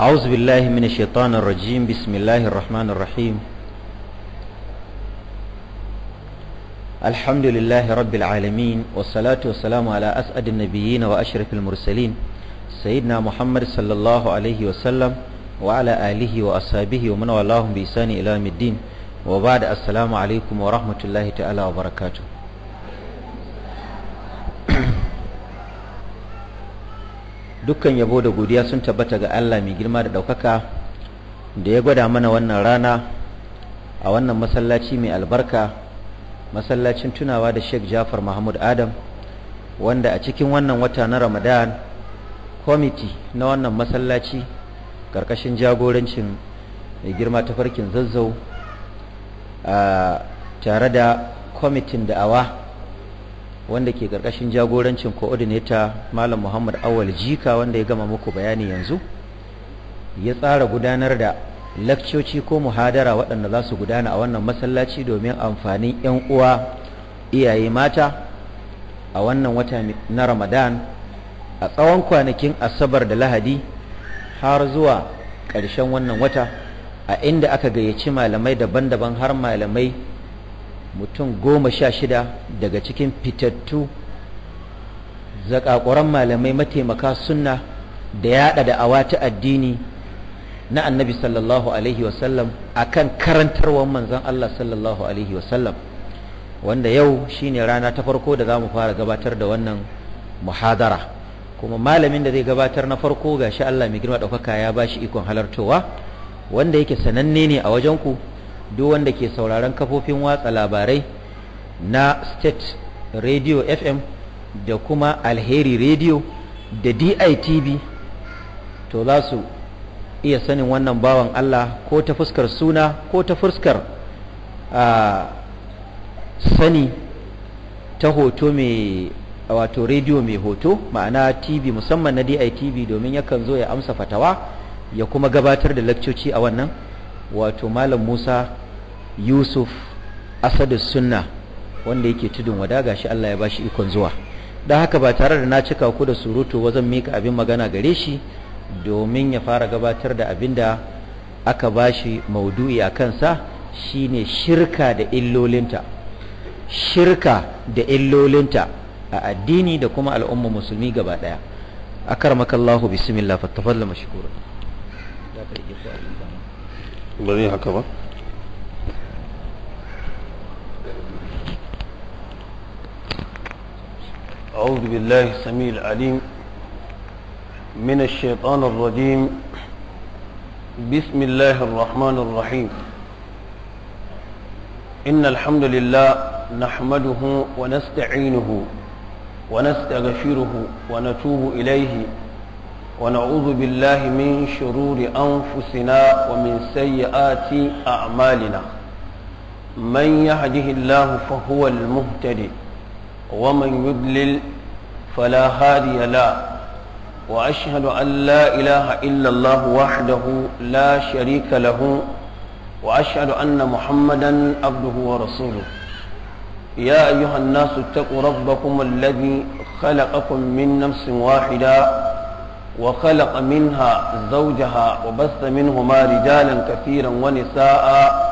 أعوذ بالله من الشيطان الرجيم بسم الله الرحمن الرحيم الحمد لله رب العالمين والصلاة والسلام على أسعد النبيين وأشرف المرسلين سيدنا محمد صلى الله عليه وسلم وعلى آله وأصحابه ومن والاهم بإحسان إلى يوم الدين وبعد السلام عليكم ورحمة الله تعالى وبركاته dukkan yabo da godiya sun tabbata ga Allah mai girma da ɗaukaka da ya gwada mana wannan rana a wannan masallaci mai albarka masallacin tunawa da Sheikh Jafar Mahmud Adam wanda a cikin wannan wata na Ramadan kwamiti na wannan masallaci ƙarƙashin jagorancin mai girma ta farkin zazzau tare da kwamitin da'awa wanda ke karkashin jagorancin coordinator malam muhammad awal jika wanda ya gama muku bayani yanzu ya tsara gudanar da lakcoci ko muhadara waɗanda za su gudana a wannan masallaci domin amfanin 'yan uwa iyaye mata a wannan wata na ramadan a tsawon kwanakin asabar da lahadi har zuwa ƙarshen wannan wata a inda aka gayyaci malamai daban-daban har malamai mutum goma sha shida daga cikin fitattu zakakuran malamai mataimaka sunna da yaɗa da awa addini na annabi sallallahu alaihi wasallam akan karantarwar manzon Allah sallallahu alaihi wasallam wanda yau shine rana ta farko da zamu fara gabatar da wannan muhadara kuma malamin da zai gabatar na farko ga shi Allah mai girma ɗaukaka ya bashi ikon halartowa wanda yake sananne ne a wajen ku duk wanda ke sauraron kafofin watsa labarai na state radio fm da kuma alheri radio da ditv to za su iya sanin wannan bawan allah ko ta fuskar suna ko ta fuskar sani ta hoto mai wato radio mai hoto ma'ana tv musamman na ditv domin yakan zo ya amsa fatawa ya kuma gabatar da lakcoci a wannan wato malam musa yusuf asadu sunna wanda yake tudun wada gashi allah ya bashi ikon zuwa don haka ba tare da na cika ku da surutu wajen mika abin magana gare shi domin ya fara gabatar da abin da aka bashi maudu'i a kansa shine shirka da illolinta shirka da illolinta a addini da kuma al'umma musulmi gaba daya akarmaka Allahu bismillah fattafalla da ba haka ba أعوذ بالله السميع العليم من الشيطان الرجيم بسم الله الرحمن الرحيم إن الحمد لله نحمده ونستعينه ونستغفره ونتوب إليه ونعوذ بالله من شرور أنفسنا ومن سيئات أعمالنا من يهده الله فهو المهتدي ومن يدلل فلا هادي له وأشهد أن لا إله إلا الله وحده لا شريك له وأشهد أن محمدا عبده ورسوله يا أيها الناس اتقوا ربكم الذي خلقكم من نفس واحدة وخلق منها زوجها وبث منهما رجالا كثيرا ونساء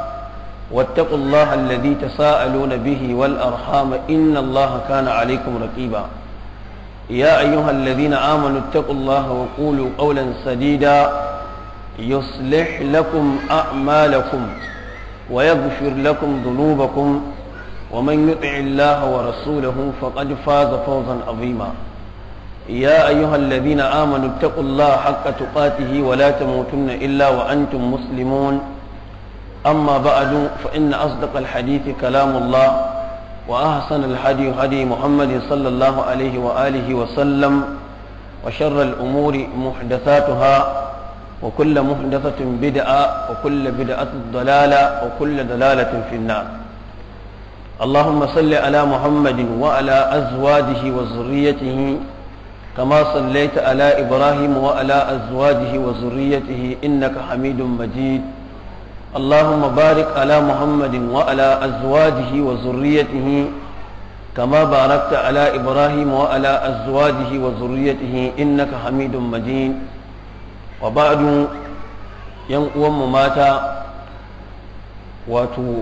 واتقوا الله الذي تساءلون به والأرحام إن الله كان عليكم رقيبا يا أيها الذين آمنوا اتقوا الله وقولوا قولا سديدا يصلح لكم أعمالكم ويغفر لكم ذنوبكم ومن يطع الله ورسوله فقد فاز فوزا عظيما يا أيها الذين آمنوا اتقوا الله حق تقاته ولا تموتن إلا وأنتم مسلمون أما بعد فإن أصدق الحديث كلام الله وأحسن الحدي هدي محمد صلى الله عليه وآله وسلم وشر الأمور محدثاتها وكل محدثة بدعة وكل بدعة ضلالة وكل ضلالة في النار اللهم صل على محمد وعلى أزواجه وذريته كما صليت على إبراهيم وعلى أزواجه وذريته إنك حميد مجيد اللهم بارك على محمد وعلى أزواجه وذريته كما باركت على إبراهيم وعلى أزواجه وذريته إنك حميد مجيد وبعد ينقوم ماتا واتو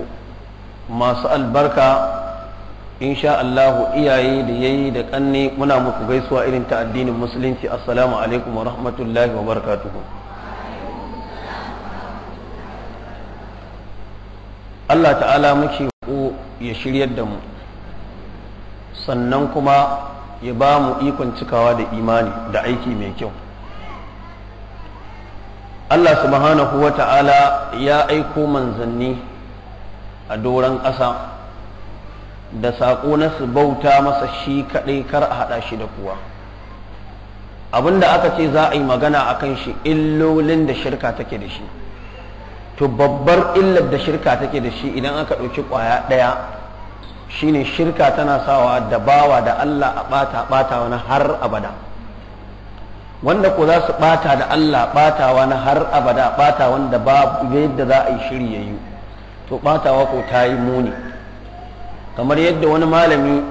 ما سأل بركة إن شاء الله إياي ليي دك أني منا مكو غيسوا إلين تأدين المسلمين السلام عليكم ورحمة الله وبركاته Allah ta'ala muke ko ya shiryar da mu sannan kuma ya ba mu ikon cikawa da imani da aiki mai kyau Allah subhanahu wa ta'ala ya aiko manzanni a doron ƙasa da saƙo na su bauta masa shi kaɗai kar a haɗa shi da kuwa abinda aka ce za a yi magana a kan shi illolin da shirka take da shi to babbar illar da shirka take da shi idan aka ɗauki ƙwaya ɗaya shine shirka tana sawa da bawa da Allah a ɓata ɓatawa na har abada wanda ko za su ɓata da Allah ɓata na har abada ɓata wanda ba yadda za a yi shiri ya yi to ɓatawa ko ta yi muni kamar yadda wani malami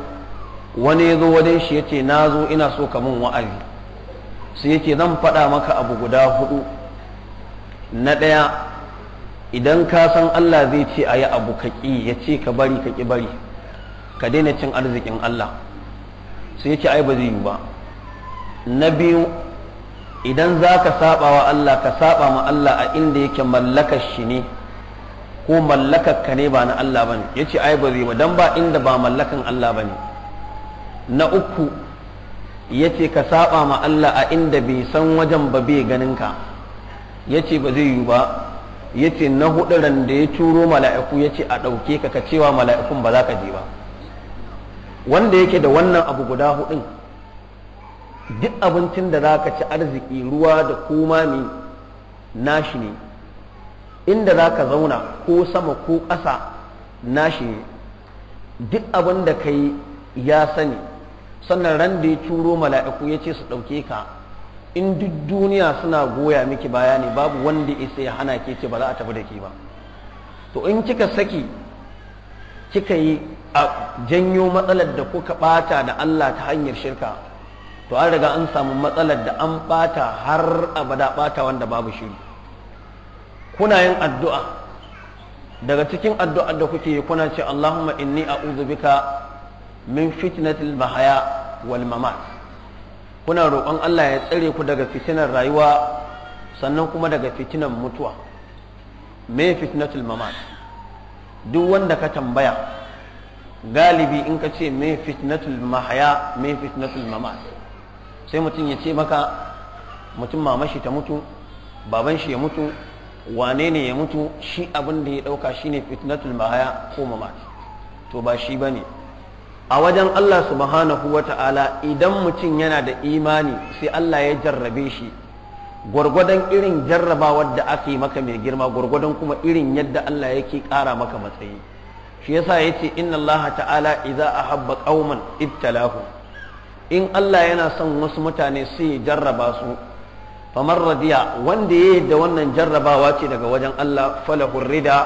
wani ya zo wajen shi ya ce na zo ina so ka min wa'azi sai yake zan faɗa maka abu guda hudu na ɗaya idan ka san Allah zai ce a yi abu ka ƙi ya ce ka bari ka ƙi bari ka daina cin arzikin Allah sai ya ce ai ba zai yi ba na biyu idan za ka saba wa Allah ka saba ma Allah a inda yake mallakar shi ne ko mallakar ka ne ba na Allah ba ne ya ce ai ba zai yi ba don ba inda ba mallakan Allah ba ne na uku ya ce ka saba ma Allah a inda bai san wajen ba bai ganin ka ya ce ba zai yi ba yace na hudu ran da ya turo mala'iku yace a ɗauke ka ka cewa mala'ikun ba za ka je ba wanda yake da wannan abu guda hudun duk abincin da za ka ci arziki ruwa da koma ne nashi ne inda za ka zauna ko sama ko ƙasa nashi ne duk abin da ka yi ya sani sannan ran da ya turo mala'iku yace su ɗauke ka in duk duniya suna goya miki bayani babu wanda isa ya hana ke ce ba za a tafi da ke ba to in kika saki kika yi a janyo matsalar da kuka bata da Allah ta hanyar shirka to an riga an samu matsalar da an bata har abada bata wanda babu shiri kuna yin addu'a daga cikin addu'ar da kuke yi kuna ce Allahumma inni a'udhu bika min fitnatil mahaya wal mamat kuna roƙon Allah ya tsare ku daga fitinar rayuwa sannan kuma daga fitinar mutuwa me fitnatul mamat duk wanda ka tambaya galibi in ka ce me fitnatul mahaya me fitnatul mamat sai mutum ya ce maka mutum mamashi ta mutu baban shi ya mutu wane ne ya mutu shi abin da ya ɗauka shine fitnatul mahaya ko mamat to ba shi bane a wajen Allah subhanahu wa ta'ala idan mutum yana da imani sai Allah ya jarrabe shi gwargwadon irin jarrabawar da aka yi maka mai girma gwargwadon kuma irin yadda Allah yake ƙara maka matsayi shi yasa ya ce inna Allah ta'ala a habba qauman ibtalahu in Allah yana son wasu mutane sai ya jarraba su famar radiya wanda ya da wannan jarrabawa ce daga wajen Allah falahun rida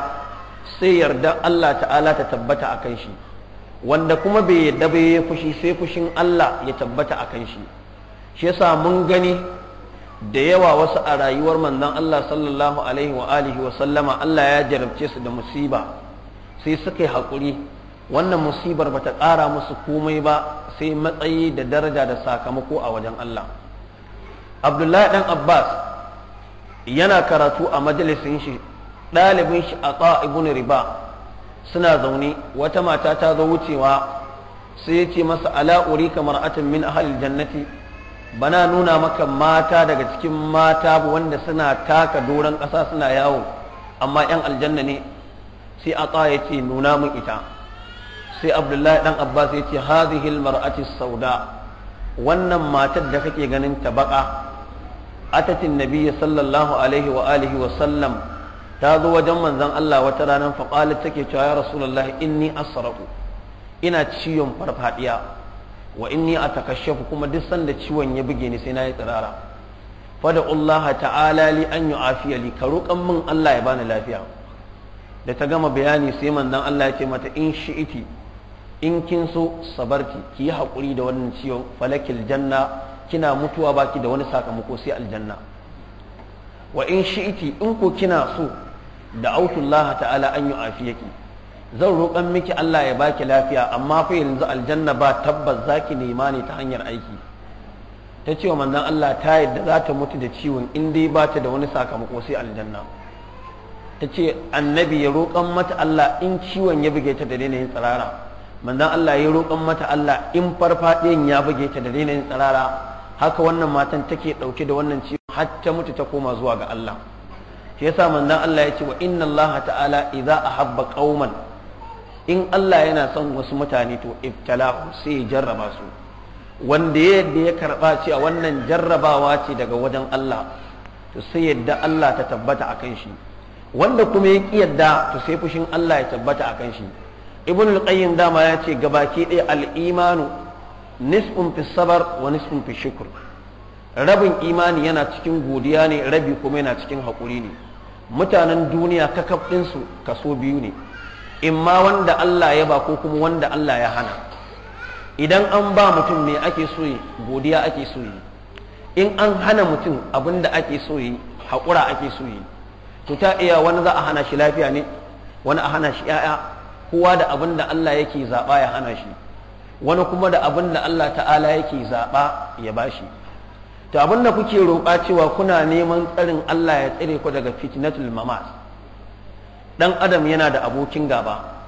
sai yarda Allah ta'ala ta tabbata a kan shi wanda kuma bai yadda bai yi fushi sai fushin Allah ya tabbata a kan shi shi yasa mun gani da yawa wasu a rayuwar manzon Allah sallallahu alaihi wa alihi wa sallama Allah ya jarabce su da musiba sai suka yi haƙuri wannan musibar bata ƙara musu komai ba sai matsayi da daraja da sakamako a wajen Allah Abdullahi dan Abbas yana karatu a majalisin shi ɗalibin shi a ibn riba suna zaune wata mata ta zo wucewa sai ya ce masa ala uri kamar atin min ahalil jannati bana nuna maka mata daga cikin mata wanda suna taka doron ƙasa suna yawo amma yan aljanna ne sai ata ya ce nuna min ita sai abdullahi dan abbas ya ce hadhihi mar'ati sauda wannan matar da kake ganin ta baka atatin nabiyyi sallallahu alaihi wa alihi wa sallam ta zo wajen manzon Allah wata ranar faƙalit take cewa ya rasulullah inni asraku ina ciwon farfadiya wa inni takashefu kuma duk sanda ciwon ya buge ni sai na yi tsirara fada Allah ta'ala li an yu'afiya li ka roƙan min Allah ya bani lafiya da ta gama bayani sai manzon Allah ya ce mata in shi'iti in kin so sabarti ki yi haƙuri da wannan ciwon falakil janna kina mutuwa baki da wani sakamako sai aljanna wa in shi'iti in ko kina so da autullah ta'ala an yi afiyaki zan roƙon miki Allah ya baki lafiya amma fa yanzu aljanna ba tabbas zaki nema ne ta hanyar aiki ta ce wa manzon Allah ta yadda za ta mutu da ciwon inda dai ba ta da wani sakamako sai aljanna ta ce annabi ya roƙon mata Allah in ciwon ya buge ta da tsirara manzon Allah ya roƙon mata Allah in farfaɗiyan ya buge ta da daina tsirara haka wannan matan take ɗauke da wannan ciwon har ta mutu ta koma zuwa ga Allah shi yasa manzon Allah ya ce wa inna Allah ta'ala idza ahabba qauman in Allah yana son wasu mutane to ibtalahum sai ya jarraba su wanda yadda ya karba cewa wannan jarrabawa ce daga wajen Allah to sai yadda Allah ta tabbata akan shi wanda kuma ya yadda to sai fushin Allah ya tabbata akan shi ibnul qayyim dama ya ce gabaki ɗaya al-imanu nisfun fi sabar wa nisfun fi shukr rabin imani yana cikin godiya ne rabi kuma yana cikin haƙuri ne mutanen duniya kakaf ɗinsu kaso biyu ne in ma wanda Allah ya ba ko kuma wanda Allah ya hana idan an ba mutum me ake so godiya ake so in an hana mutum abinda ake so yi haƙura ake so to ta iya wani za a hana shi lafiya ne wani a hana shi ‘ya'ya kowa da abin da Allah yake zaɓa ya hana shi wani kuma da abinda Allah ta'ala yake zaɓa ya ba shi to abin da kuke roƙa cewa kuna neman tsarin Allah ya tsare ku daga fitnatul mamas dan adam yana da abokin gaba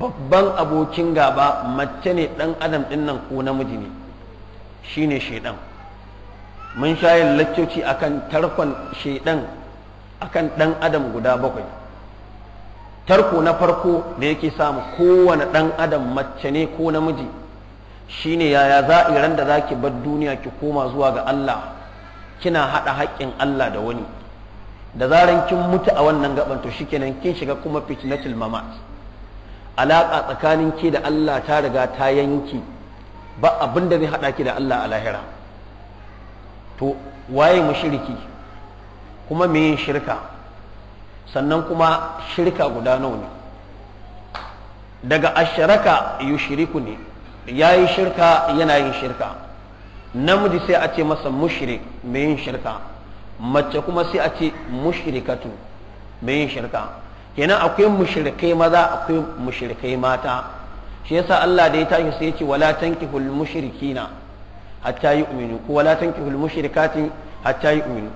babban abokin gaba mace ne dan adam din nan ko namiji ne shine shedan mun shayin laccoci akan tarkon shedan akan dan adam guda bakwai tarko na farko da yake samu kowane dan adam mace ne ko namiji shi ne yaya za a ran da za ki bar duniya ki koma zuwa ga Allah kina hada haƙƙin Allah da wani da zaran kin mutu a wannan gaban to shikenan kin shiga kuma fitnatul mamat alaka tsakanin ki da Allah ta riga ta yanki ba abin da zai hada ki da Allah a lahira to waye mu shirki kuma me yin shirka sannan kuma shirka guda nawa ne daga asharaka yushriku ne ya yi shirka yana yin shirka namiji sai a ce masa mushrik mai yin shirka mace kuma sai a ce mushrikatu mai yin shirka kenan akwai mushrikai maza akwai mushrikai mata shi yasa Allah da ya tashi sai ya ce wala tankihul mushrikina hatta yu'minu ko wala tankihul mushrikati hatta yu'minu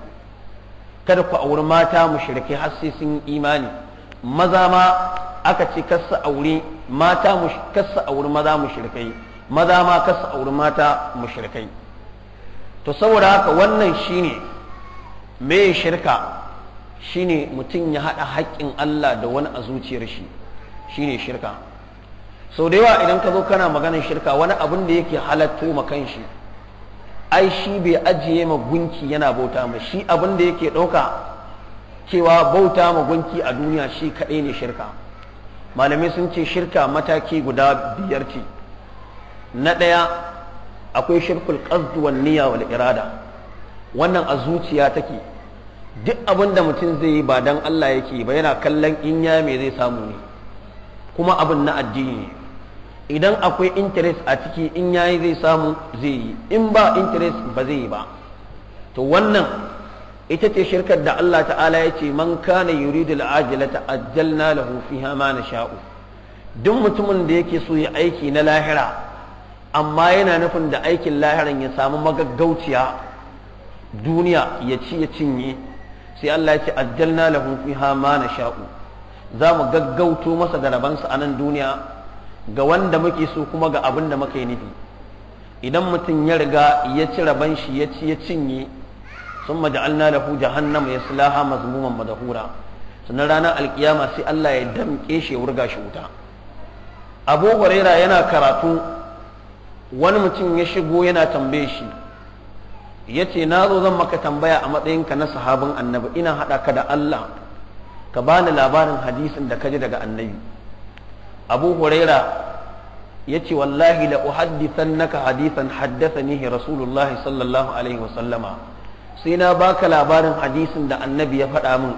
kada ku auri mata mushrikai har sai sun imani maza ma aka ce kassa aure mata kassa aure maza mushrikai maza ma kassa aure mata mushrikai to saboda haka wannan shine me shirka shine mutum ya haɗa haƙƙin Allah da wani a zuciyar shi shine shirka sau da yawa idan ka zo kana maganar shirka wani abin da yake halatto ma kanshi ai shi bai ajiye ma gunki yana bauta ma shi abin da yake ɗauka cewa bauta ma gunki a duniya shi kaɗai ne shirka malamai sun ce shirka mataki guda biyar ce na ɗaya akwai shirkul ƙazduwan niyya wal irada wannan a zuciya take duk abin da mutum zai yi ba don Allah yake ba yana kallon in ya me zai samu ne kuma abin na addini ne idan akwai interest a ciki in yayi zai samu zai yi in ba interest ba zai yi ba to wannan ita ce shirkar da Allah ta'ala ya ce man kana yuridu al'ajilata ajjalna lahu fiha ma nasha'u duk mutumin da yake so ya aiki na lahira amma yana nufin da aikin lahiran ya samu magaggauciya duniya ya ci ya cinye sai Allah ya ce ajjalna lahu fiha ma nasha'u za mu gaggauto masa da rabansa a nan duniya ga wanda muke so kuma ga abin da yi nufi idan mutum ya riga ya ci raban shi ya ci ya cinye thumma ja'alna lahu jahannama da hura su sannan ranar alkiyama sai Allah ya damƙe shi ya wurga shi wuta Abu Huraira yana karatu wani mutum ya shigo yana tambaye shi yace na zo zan maka tambaya a matsayinka na sahabin annabi ina haɗa ka da Allah ka bani labarin hadisin da ka ji daga annabi Abu Huraira yace wallahi la uhaddithannaka hadithan haddathanihi rasulullahi sallallahu alaihi wa sallama sai na baka labarin hadisin da annabi ya faɗa min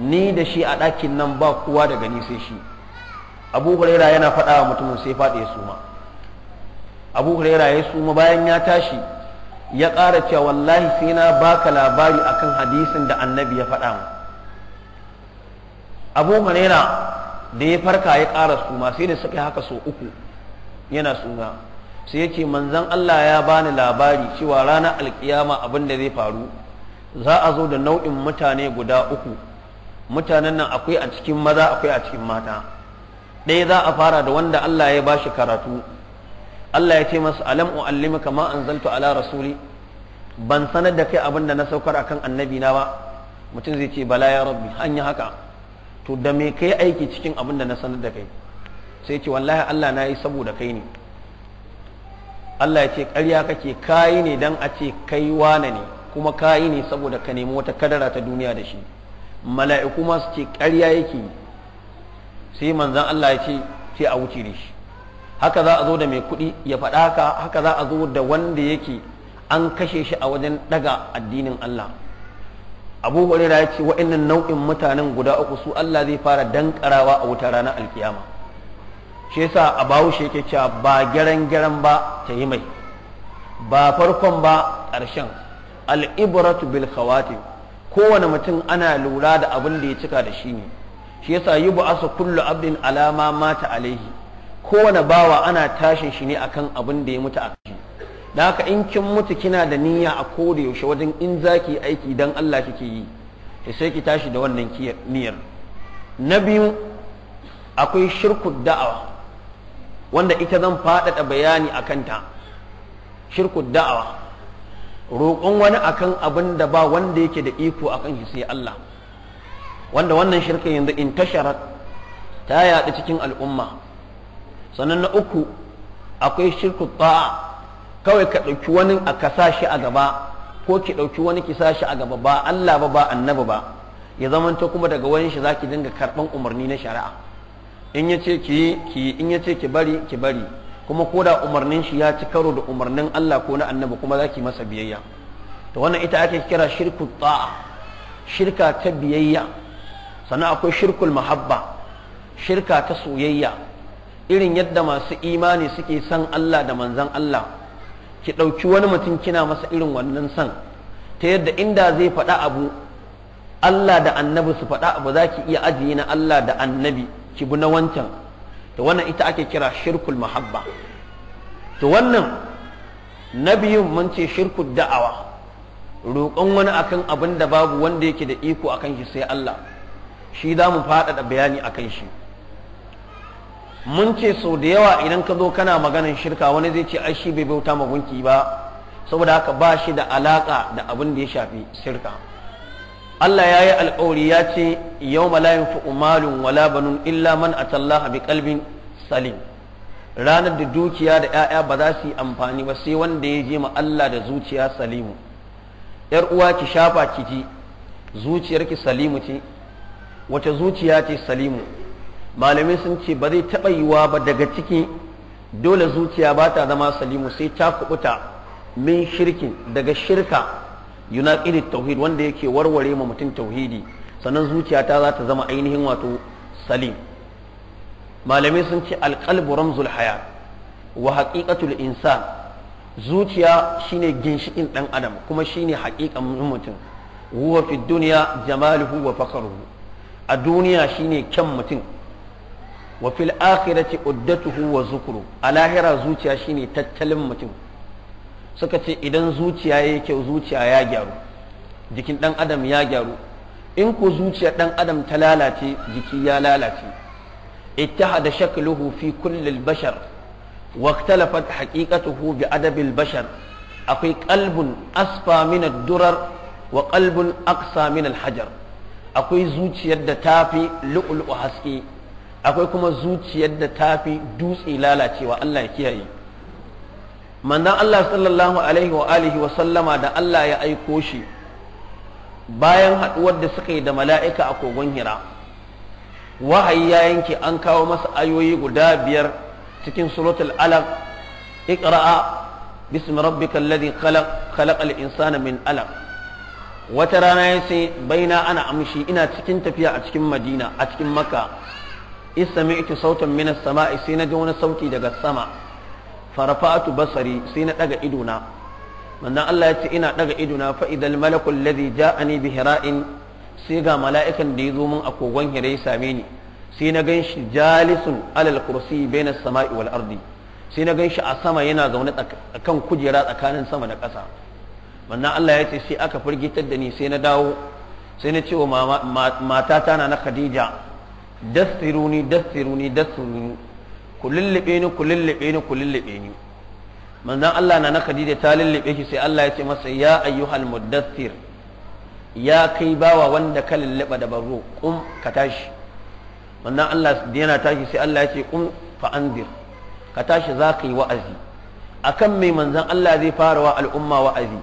ni da shi a ɗakin nan ba kowa daga ni sai shi abu huraira yana faɗa wa mutumin sai faɗi ya suma abu huraira ya suma bayan ya tashi ya ƙara cewa wallahi sai na baka labari akan hadisin da annabi ya faɗa min abu huraira da ya farka ya ƙara suma sai da suka yi haka sau uku yana suma sai yake manzan Allah ya bani labari cewa ranar alkiyama abin da zai faru za a zo da nau'in mutane guda uku mutanen nan akwai a cikin maza akwai a cikin mata ɗaya za a fara da wanda Allah ya bashi karatu Allah ya ce masu alam u'allimaka an anzaltu ala rasuli ban sanar da kai abin da na saukar akan annabi na ba mutum zai ce bala ya rabbi an haka to da me kai aiki cikin abin da na sanar da kai sai ce wallahi Allah na yi saboda kai ne Allah ya ce ƙarya kake kayi ne dan a ce kai wane ne kuma kayi ne saboda ka nemi wata kadara ta duniya da shi mala'iku ma su ce ƙarya yake sai manzan Allah ya ce sai a wuce da shi haka za a zo da mai kuɗi ya faɗa ka haka za a zo da wanda yake an kashe shi a wajen ɗaga addinin Allah abu hurairah ya ce wa'annan nau'in mutanen guda uku su Allah zai fara dankarawa a wuta ranar alkiyama shi yasa a bawo shi yake cewa ba gyaran gyaran ba ta yi mai ba farkon ba ƙarshen al'ibratu bil khawatim kowane mutum ana lura da abin da ya cika da shi ne shi yasa yi bu'asa kullu abdin alama mata alaihi kowane bawa ana tashin shi ne akan abin da ya mutu a kashi da haka in kin mutu kina da niyya a koda yaushe wajen in zaki aiki dan Allah kike yi to sai ki tashi da wannan niyyar na biyu akwai shirku da'awa wanda ita zan faɗaɗa bayani a kanta shirku da'awa roƙon wani akan abin da ba wanda yake da iko akan shi sai Allah wanda wannan shirka yanzu in tashara ta yaɗu cikin al'umma sannan na uku akwai shirku ta'a kawai ka ɗauki wani a ka sa shi a gaba ko ki ɗauki wani ki sa shi a gaba ba Allah ba ba annabi ba ya zamanta kuma daga wani shi za ki dinga karɓan umarni na shari'a in ya ce ki ki in ya ki bari ki bari kuma ko da umarnin shi ya ci karo da umarnin Allah ko na annabi kuma za ki masa biyayya to wannan ita ake kira shirku ta'a shirka ta biyayya sannan akwai shirkul mahabba shirka ta soyayya irin yadda masu imani suke san Allah da manzan Allah ki ɗauki wani mutum kina masa irin wannan san ta yadda inda zai faɗa abu Allah da annabi su faɗa abu za ki iya ajiye na Allah da annabi kibu na wancan to wannan ita ake kira shirkul mahabba to wannan na biyun mun ce shirkul da'awa roƙon wani akan abin da babu wanda yake da iko akan shi sai Allah shi za mu faɗaɗa bayani akan shi mun ce sau da yawa idan ka zo kana maganin shirka wani zai ce ai shi bai bauta ma gunki ba saboda haka ba shi da alaƙa da abin da ya shafi shirka Allah ya yi alƙawari ya ce yau malayin fi umalun wala banun illa man atallaha bi kalbin salim ranar da dukiya da 'ya'ya ba za su yi amfani ba sai wanda ya je ma Allah da zuciya salimu yar uwa ki shafa ki ji zuciyarki salimu ce wata zuciya ce salimu malamai sun ce ba zai taɓa yiwa ba daga ciki dole zuciya ba ta zama salimu sai ta kubuta min shirkin daga shirka yunaqidu tauhid wanda yake warware ma mutum tauhidi sannan zuciyata za ta zama ainihin wato salim malamai sun ce alqalbu ramzul haya wa haqiqatul insan zuciya shine ginshikin dan adam kuma shine haƙiƙan mutum huwa fi dunya jamaluhu wa faqruhu a duniya shine kyan mutum wa fil akhirati uddatuhu wa zukru a lahira zuciya shine tattalin mutum suka ce idan zuciya ya kyau zuciya ya gyaru jikin ɗan adam ya gyaru in ko zuciya ɗan adam ta lalace jiki ya lalace da shakluhu fi kulli bashar واختلفت حقيقته بأدب البشر أخي قلب أصفى من الدرر وقلب أقصى من hajar akwai zuciyar da ta fi lu'ulu'u haske akwai kuma zuciyar da ta fi dutse lalacewa Allah ya kiyaye manzon Allah sallallahu alaihi wa alihi wa sallama da Allah ya aiko shi bayan haɗuwar da suka yi da mala'ika a kogon hira wahayi ya yanke an kawo masa ayoyi guda biyar cikin suratul alaq iqra'a bismi rabbikal ladhi khalaq khalaqal insana min alaq wata rana ya ce baina ana amshi ina cikin tafiya a cikin madina a cikin makka isami'tu sautan minas sama'i sai na ji wani sauti daga sama farafatu basari sai na daga idona wannan Allah ya ce ina daga idona fa idal malakul ladhi ja'ani bi hira'in sai ga mala'ikan da ya zo min a kogon hira ya same ni sai na gan shi jalisun alal kursi baina sama'i wal ardi sai na gan shi a sama yana zaune kan kujera tsakanin sama da ƙasa wannan Allah ya ce sai aka firgitar da ni sai na dawo sai na ce wa matata na na Khadija dastiruni dastiruni dastiruni ku lullube ni ku lullube ni ku lullube ni manzon Allah na na Khadija ta lullube shi sai Allah ya ce masa ya ayyuhal muddathir ya kai bawa wanda ka lullube da barro kum ka tashi manzon Allah yana tashi sai Allah ya ce kum fa anzir ka tashi za ka yi wa'azi akan mai manzon Allah zai fara wa al'umma wa'azi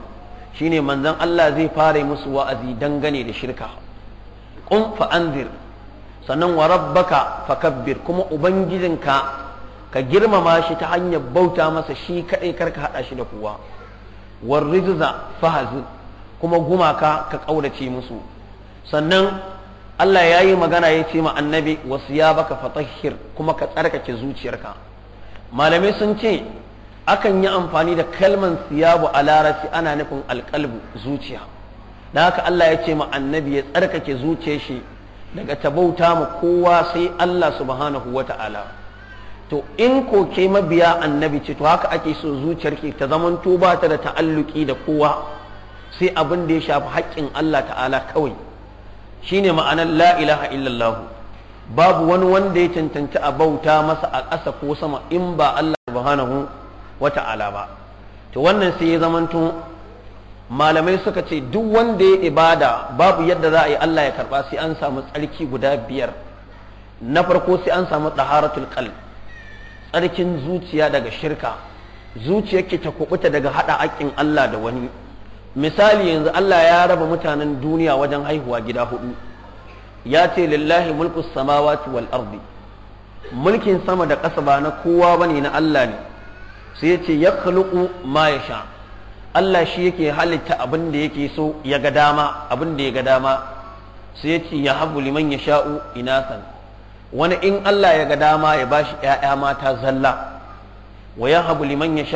shine manzon Allah zai fara musu wa'azi dangane da shirka kum fa anzir sannan wa rabbaka fakabbir kuma ubangijinka ka girmama shi ta hanyar bauta masa shi kaɗai karka haɗa shi da kowa war rijza kuma gumaka ka ƙaurace musu sannan Allah ya yi magana ya ce ma annabi wasu ya baka fatahhir kuma ka tsarkake zuciyarka malamai sun ce akan yi amfani da kalman siyabu a larasi ana nufin alƙalbu zuciya da haka Allah ya ce ma annabi ya tsarkake zuciyar shi daga ta bauta ma kowa sai Allah subhanahu wa ta'ala to in ko ke mabiya annabi ce to haka ake so ke ta zaman ba ta da ta'alluki da kowa sai abin da ya shafi haƙƙin Allah ta'ala kawai shine ma'anar la ilaha illallah babu wani wanda ya cancanci a bauta masa a ƙasa ko sama in ba Allah subhanahu wa ta'ala ba to wannan sai ya zamanto malamai suka ce duk wanda ya ibada babu yadda za a yi Allah ya karba sai an samu tsarki guda biyar na farko sai an samu ɗaharatul qalb tsarkin zuciya daga shirka zuciyarki ta kubuta daga hada hakkin Allah da wani misali yanzu Allah ya raba mutanen duniya wajen haihuwa gida hudu ya ce lillahi mulkus samawati wal ardi mulkin sama da ƙasa ba na kowa bane na Allah ne sai ya ce ya ma yasha Allah shi yake halitta abin da yake so ya ga dama abin da ya ga dama sai ya ce ya habu liman yasha'u inasan wani in Allah ya ga dama ya bashi ‘ya'ya mata zalla wa ya habu liman ya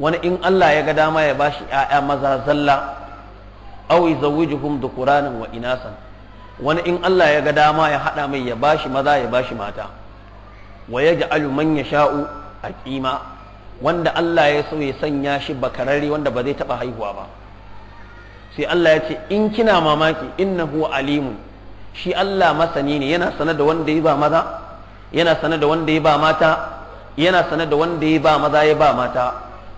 wani in Allah ya ga dama ya bashi ‘ya'ya maza zalla aw yuzawwijuhum dhukuranan wa inasan wani in Allah ya ga dama ya haɗa mai ya bashi maza ya bashi mata wa yaj'alu man a ƙima, wanda Allah ya so ya sanya shi bakararre wanda ba zai taɓa haihuwa ba sai Allah ya ce in kina mamaki innahu alimun shi Allah masani ne yana sanar da wanda ya ba maza yana sanar da wanda ya ba mata yana sanar da wanda ya ba maza ya ba mata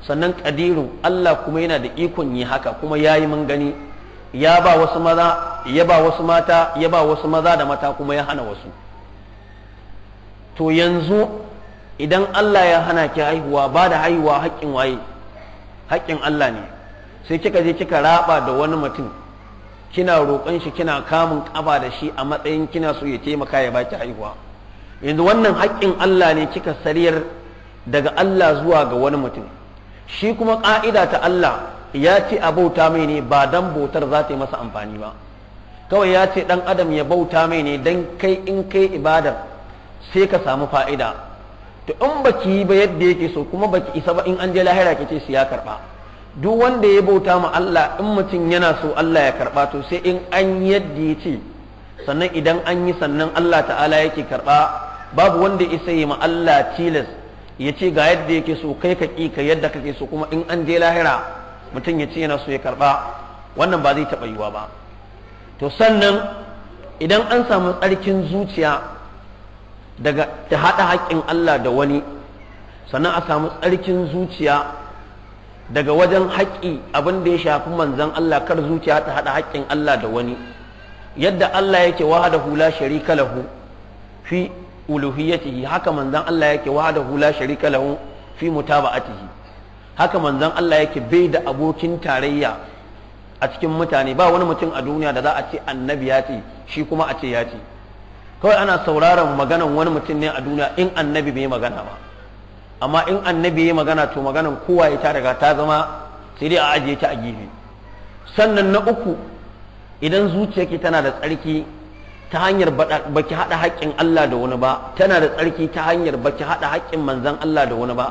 sannan kadiru Allah kuma yana da ikon yi haka kuma yayi mun gani ya ba wasu maza ya ba wasu mata ya ba wasu maza da mata kuma ya hana wasu to yanzu idan Allah ya hana ki haihuwa ba da haihuwa haƙƙin waye haƙƙin Allah ne sai kika je kika raba da wani mutum kina roƙon shi kina kamun ƙaba da shi a matsayin kina so ya taimaka ya baki haihuwa yanzu wannan haƙƙin Allah ne kika sariyar daga Allah zuwa ga wani mutum shi kuma ƙa'ida ta Allah ya ce a bauta mai ne ba dan bautar za ta yi masa amfani ba kawai ya ce ɗan adam ya bauta mai ne dan kai in kai ibadar sai ka samu fa'ida to in baki yi ba yadda yake so kuma baki isa ba in an je lahira ce su ya karɓa duk wanda ya bauta ma Allah in mutum yana so Allah ya karba to sai in an yadda ya ce sannan idan an yi sannan Allah ta'ala yake karba babu wanda isa yi ma Allah tilas ya ce ga yadda yake so kai ka ƙi ka yadda kake so kuma in an je lahira mutum ya ce yana so ya karba wannan ba zai taɓa yiwa ba to sannan idan an samu tsarkin zuciya daga ta haɗa haƙƙin Allah da wani sannan a samu tsarkin zuciya daga wajen haƙƙi abin da ya shafi manzan Allah kar zuciya ta haɗa haƙƙin Allah da wani yadda Allah yake wahada hula sharika lahu fi uluhiyyatihi haka manzan Allah yake wahada hula sharika lahu fi mutaba'atihi haka manzan Allah yake bai da abokin tarayya a cikin mutane ba wani mutum a duniya da za a ce annabi ya ce shi kuma a ce ya ce kawai ana sauraron maganan wani mutum ne a duniya in annabi bai magana ba amma in annabi ya magana to maganan kowa ya ta daga ta zama sai dai a ajiye ta a gefe sannan na uku idan zuciyarki tana da tsarki ta hanyar baki hada haƙƙin Allah da wani ba tana da tsarki ta hanyar baki hada haƙƙin manzan Allah da wani ba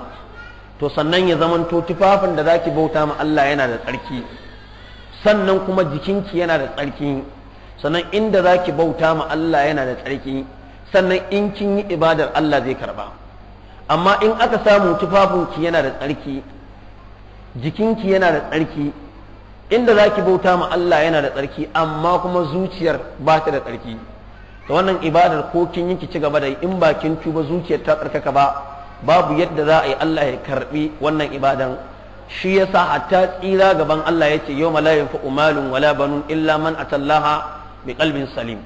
to sannan ya to tufafin da zaki bauta ma Allah yana da tsarki sannan kuma jikinki yana da tsarki sannan inda zaki bauta ma Allah yana da tsarki sannan in kin yi ibadar Allah zai karba amma in aka samu tufafinki yana da tsarki jikinki yana da tsarki inda za ki bauta ma Allah yana da tsarki amma kuma zuciyar ba ta da tsarki ta wannan ibadar ko kin yi ki ci gaba da in ba kin tuba zuciyar ta tsarkaka ba babu yadda za a yi Allah ya karbi wannan ibadan shi yasa hatta tsira gaban Allah ya ce yawma la yanfa'u malun wala banun illa man atallaha bi qalbin salim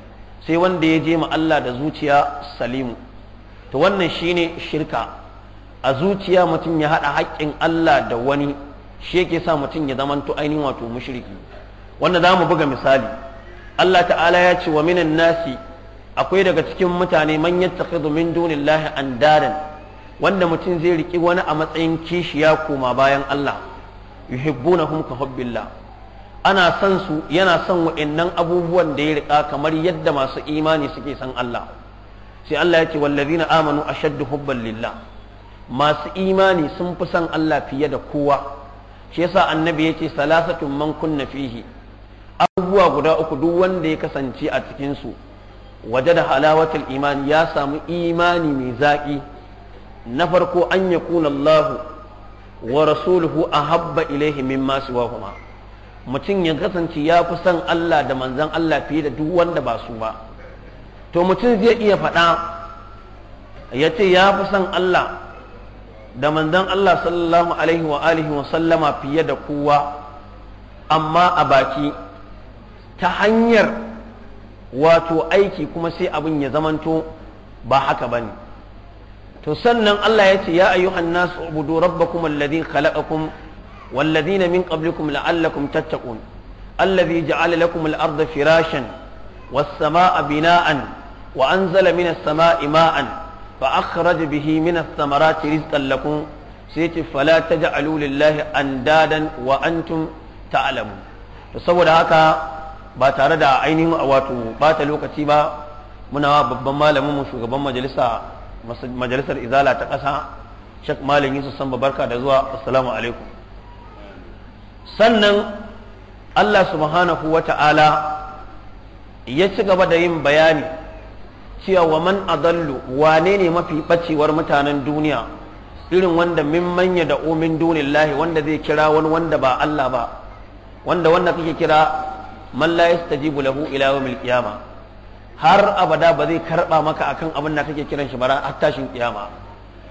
sai wanda ya je ma Allah da zuciya salimu to wannan shine shirka a zuciya mutum ya haɗa haƙƙin Allah da wani shi yake sa mutum ya zamanto ainihin wato mushriki wanda za mu buga misali Allah ta'ala ya ce wa minan nasi akwai daga cikin mutane man yattakhidhu min dunillahi andadan wanda mutum zai riki wani a matsayin kishiya koma bayan Allah yuhibbunahum ka hubbillah ana san su yana son wa'annan abubuwan da ya rika kamar yadda masu imani suke son Allah sai Allah ya ce wallazina amanu ashaddu hubban lillah masu imani sun fi son Allah fiye da kowa shi yasa annabi ya ce salasatun man kunna fihi abubuwa guda uku duk wanda ya kasance a cikin su waje da halawatul iman ya samu imani mai zaƙi na farko an yakuna Allah wa rasuluhu ahabba ilaihi mimma siwahuma mutum ya kasance ya fi son Allah da manzon Allah fiye da duk wanda ba su ba to mutum zai iya faɗa ya ce ya fi son Allah da manzon Allah sallallahu alaihi wa alihi wa sallama fiye da kowa amma a baki ta hanyar wato aiki kuma sai abin ya zamanto ba haka bane to sannan Allah ya ce ya ayyuhan nas ubudu rabbakum alladhi khalaqakum والذين من قبلكم لعلكم تتقون الذي جعل لكم الأرض فراشا والسماء بناءً wa anzala minas sama'i ma'an fa akhraj bihi minas samarati rizqan lakum sai ce fala taj'alu lillahi andadan wa antum ta'lamun saboda haka ba tare da ainihin wato bata lokaci ba muna babban malamin mu shugaban majalisa majalisar izala ta ƙasa shek malam yusuf san barka da zuwa assalamu alaikum sannan allah subhanahu wa ta'ala ya ci gaba da yin bayani cewa wa man adallu wane ne mafi bacewar mutanen duniya irin wanda min manya da umin dunillahi wanda zai kira wani wanda ba Allah ba wanda wanda kake kira man la yastajibu lahu ila yawmil har abada ba zai karba maka akan abin da kake kiran shi bara har tashin kiyama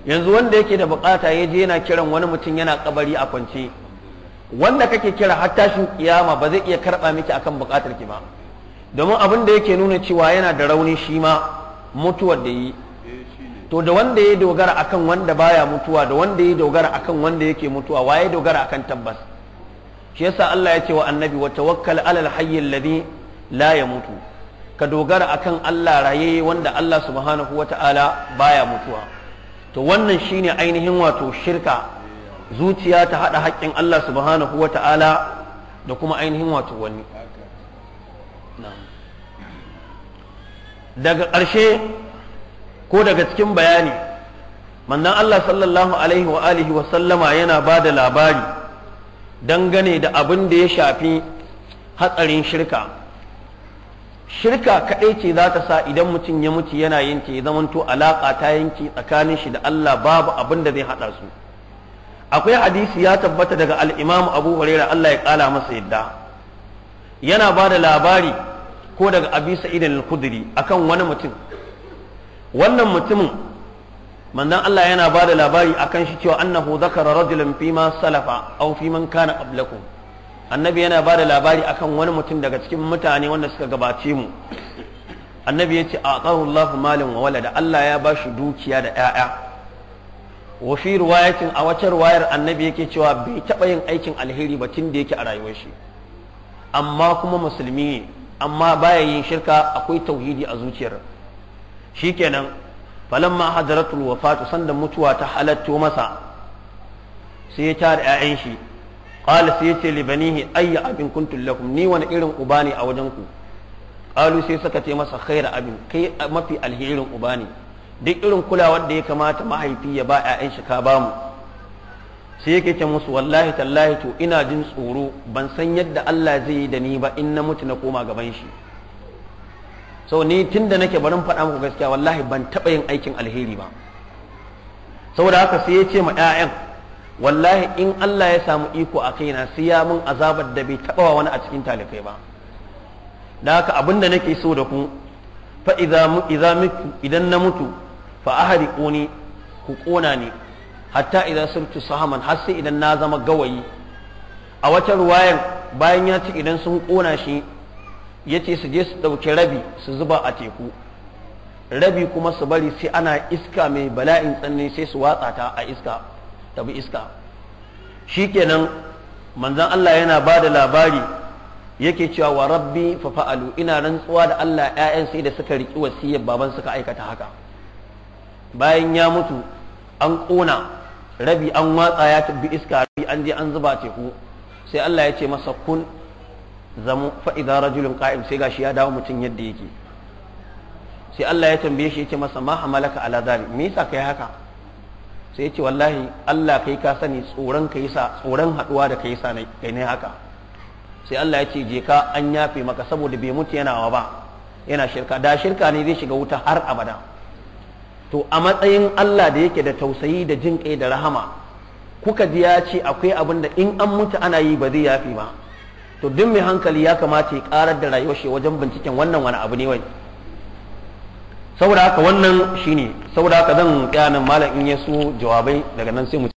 yanzu wanda yake da bukata ya je yana kiran wani mutum yana kabari a kwance wanda kake kira har tashin kiyama ba zai iya karba miki akan bukatar ki ba domin abin da yake nuna cewa yana da rauni shi ma mutuwar da yi to da wanda ya dogara akan wanda baya mutuwa da wanda ya dogara akan wanda yake mutuwa waye dogara akan tabbas shi yasa Allah ya ce wa annabi wa tawakkal alal hayy alladhi la yamutu ka dogara akan Allah raye wanda Allah subhanahu wata'ala baya mutuwa to wannan shine ainihin wato shirka zuciya ta hada haƙƙin Allah subhanahu wata'ala da kuma ainihin wato wani daga ƙarshe ko daga cikin bayani mannan Allah sallallahu alaihi wa alihi wa sallama yana ba da labari dangane da abin da ya shafi hatsarin shirka shirka kaɗai ce za ta sa idan mutum ya mutu yana yin ta ya zamanto alaƙa ta yanki tsakanin shi da Allah babu abin da zai haɗa su akwai hadisi ya tabbata daga al'imamu abu hurairah Allah ya ƙala masa yadda yana ba da labari ko daga abi sa'id al-khudri akan wani mutum wannan mutumin manzon Allah yana bada labari akan shi cewa annahu zakara rajulan fi ma salafa aw fi man kana qablakum annabi yana bada labari akan wani mutum daga cikin mutane wanda suka gabace mu annabi yace aqahu Allah malin wa walada Allah ya ba shi dukiya da 'ya'ya wa fi riwayatin a wacce riwayar annabi yake cewa bai taba yin aikin alheri ba tun da yake a rayuwar shi amma kuma musulmi ne amma baya yin shirka akwai tauhidi a zuciyar shikenan falamma hadaratul wafatu sanda mutuwa ta halatto masa sai ya tare ƴaƴan shi qala sai yace li banihi ayya abin kuntum lakum ni wani irin uba ne a wajen ku qalu sai suka ce masa khaira abin kai mafi alherin uba ne duk irin kulawar da ya kamata mahaifi ya ba ƴaƴan shi ka bamu sai yake ce musu wallahi tallahi to ina jin tsoro ban san yadda Allah zai yi da ni ba in na mutu na koma gaban shi sau ni tun da nake barin faɗa muku gaskiya wallahi ban taɓa yin aikin alheri ba saboda haka sai ya ce ma 'ya'yan wallahi in Allah ya samu iko a kaina sai ya mun azabar da bai taɓa wani a cikin talifai ba da haka abin da nake so da ku fa idan na mutu fa ahari ƙoni ku kona ni hatta idan sirtu sahaman har sai idan na zama gawayi a wata ruwayan bayan ya ci idan sun kona shi ya ce su je su ɗauki rabi su zuba a teku rabi kuma su bari sai ana iska mai bala'in tsanani sai su watsa ta a iska bi iska shikenan manzon Allah yana ba da labari yake cewa wa rabbi fa fa'alu ina rantsuwa da Allah ƴaƴan sai da suka riki wasiyar baban suka aikata haka bayan ya mutu an ƙona rabi an watsa ya tabbi iska rabi an je an zuba teku sai Allah ya ce masa kun zamu fa idza rajulun qa'im sai gashi ya dawo mutum yadda yake sai Allah ya tambaye shi ce masa ma hamalaka ala zalim me yasa kai haka sai yace wallahi Allah kai ka sani tsoron ka yasa tsoron haduwa da kai yasa kai ne haka sai Allah ya ce je ka an yafe maka saboda bai mutu yana wa ba yana shirka da shirka ne zai shiga wuta har abada to a matsayin Allah da yake da tausayi da jin kai da rahama kuka ji ya ce akwai abin da in an mutu ana yi ba zai yafi ba to duk mai hankali ya kamata ya karar da rayuwar shi wajen binciken wannan wani abu ne wai saboda haka wannan shine saboda haka zan tsaya nan malam in ya jawabai daga nan sai mu